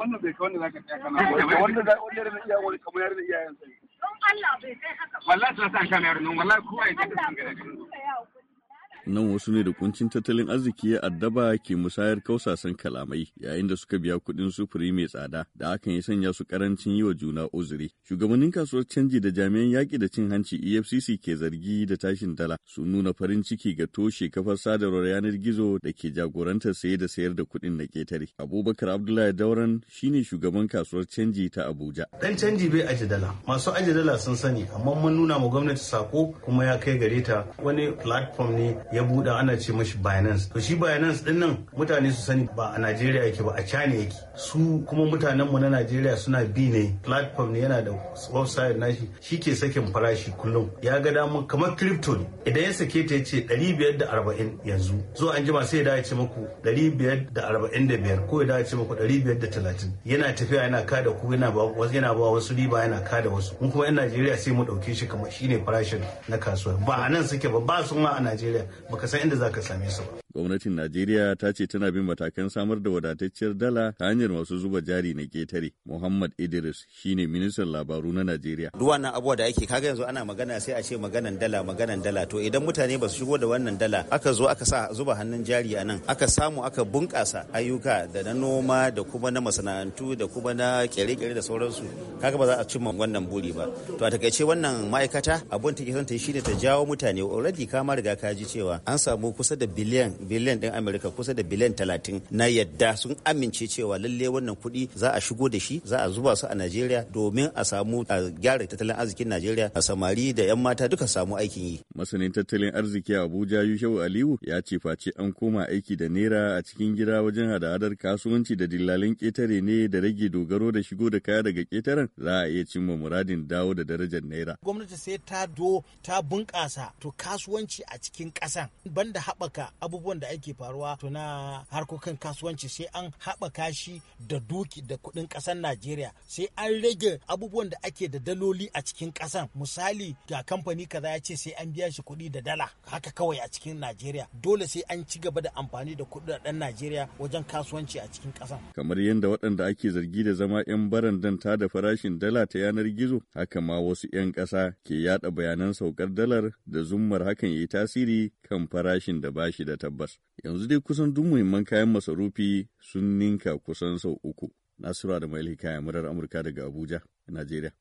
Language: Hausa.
wannan bai kai wanda zaka tsaya kana wanda da wanda da iya wani kamar yar iyayen sai don Allah bai kai haka wallahi ta san kamar wallahi kowa ya san gare nan wasu ne da kuncin tattalin arziki ya addaba ke musayar kausasan kalamai yayin da suka biya kuɗin sufuri mai tsada da hakan ya sanya su karancin yi wa juna uzuri shugabannin kasuwar canji da jami'an yaƙi da cin hanci efcc ke zargi da tashin dala sun nuna farin ciki ga toshe kafar sadarwar yanar gizo da ke jagorantar saye da sayar da kuɗin na ketare abubakar abdullahi dauran shine shugaban kasuwar canji ta abuja dan canji bai aje dala masu aje dala sun sani amma mun nuna ma gwamnati sako kuma ya kai gare ta wani platform ne ya buɗe ana ce mashi Binance. To shi Binance din nan mutane su sani ba a Najeriya yake ba a China yake. Su kuma mutanen mu na Najeriya suna bi ne platform ne yana da website nashi shi ke sakin farashi kullum. Ya ga dama kamar crypto ne. Idan ya sake ta yace 540 yanzu. Zo an jima sai ya dace muku 545 ko ya dace da 530. Yana tafiya yana kada ku yana ba yana ba wasu riba yana kada wasu. Mun kuma 'yan Najeriya sai mu ɗauke shi kamar shine farashin na kasuwa. Ba a nan suke ba ba su ma a Najeriya. baka san inda za ka same su ba Gwamnatin Najeriya ta ce tana bin matakan samar da wadatacciyar dala ta hanyar masu zuba jari na ketare. Muhammad Idris shine ministan labaru na Najeriya. Duk wannan abubuwa da ake kaga yanzu ana magana sai a ce maganan dala maganan dala to idan mutane ba su shigo da wannan dala aka zo aka sa zuba hannun jari a nan aka samu aka bunkasa ayyuka da na noma da kuma na masana'antu da kuma na kere-kere da sauransu kaga ba za a cimma wannan buri ba to a takaice wannan ma'aikata abun take son ta yi shine ta jawo mutane already kama riga ka ji cewa an samu kusa da biliyan biliyan din Amerika kusa da biliyan talatin na yadda sun amince cewa lalle wannan kuɗi za a shigo da shi za a zuba su a Najeriya domin a samu a gyara tattalin arzikin Najeriya a samari da 'yan mata duka samu aikin yi. Masanin tattalin arziki Abuja Yushewu Aliyu ya ce face an koma aiki da naira a cikin gida wajen hada-hadar kasuwanci da dillalin ƙetare ne da rage dogaro da shigo da kaya daga ƙetaren za a iya cimma muradin dawo da darajar naira. Gwamnati sai ta do ta bunƙasa to kasuwanci a cikin ƙasan banda haɓaka abubuwan abubuwan da ake faruwa to na harkokin kasuwanci sai an haɓaka shi da duki da kuɗin ƙasar Najeriya sai an rage abubuwan da ake da daloli a cikin ƙasan misali ga kamfani kaza ya ce sai an biya shi kuɗi da dala haka kawai a cikin Najeriya dole sai an ci gaba da amfani da kuɗaɗen Najeriya wajen kasuwanci a cikin ƙasan. Kamar yadda waɗanda ake zargi da zama 'yan barandanta da farashin dala ta yanar gizo haka ma wasu 'yan ƙasa ke yada bayanan saukar dalar da zummar hakan yi tasiri kan farashin da bashi da tabbata. tabbas. Yanzu dai kusan duk muhimman kayan masarufi sun ninka kusan sau uku. Nasura da Mailika Hikaya murar Amurka daga Abuja, Najeriya.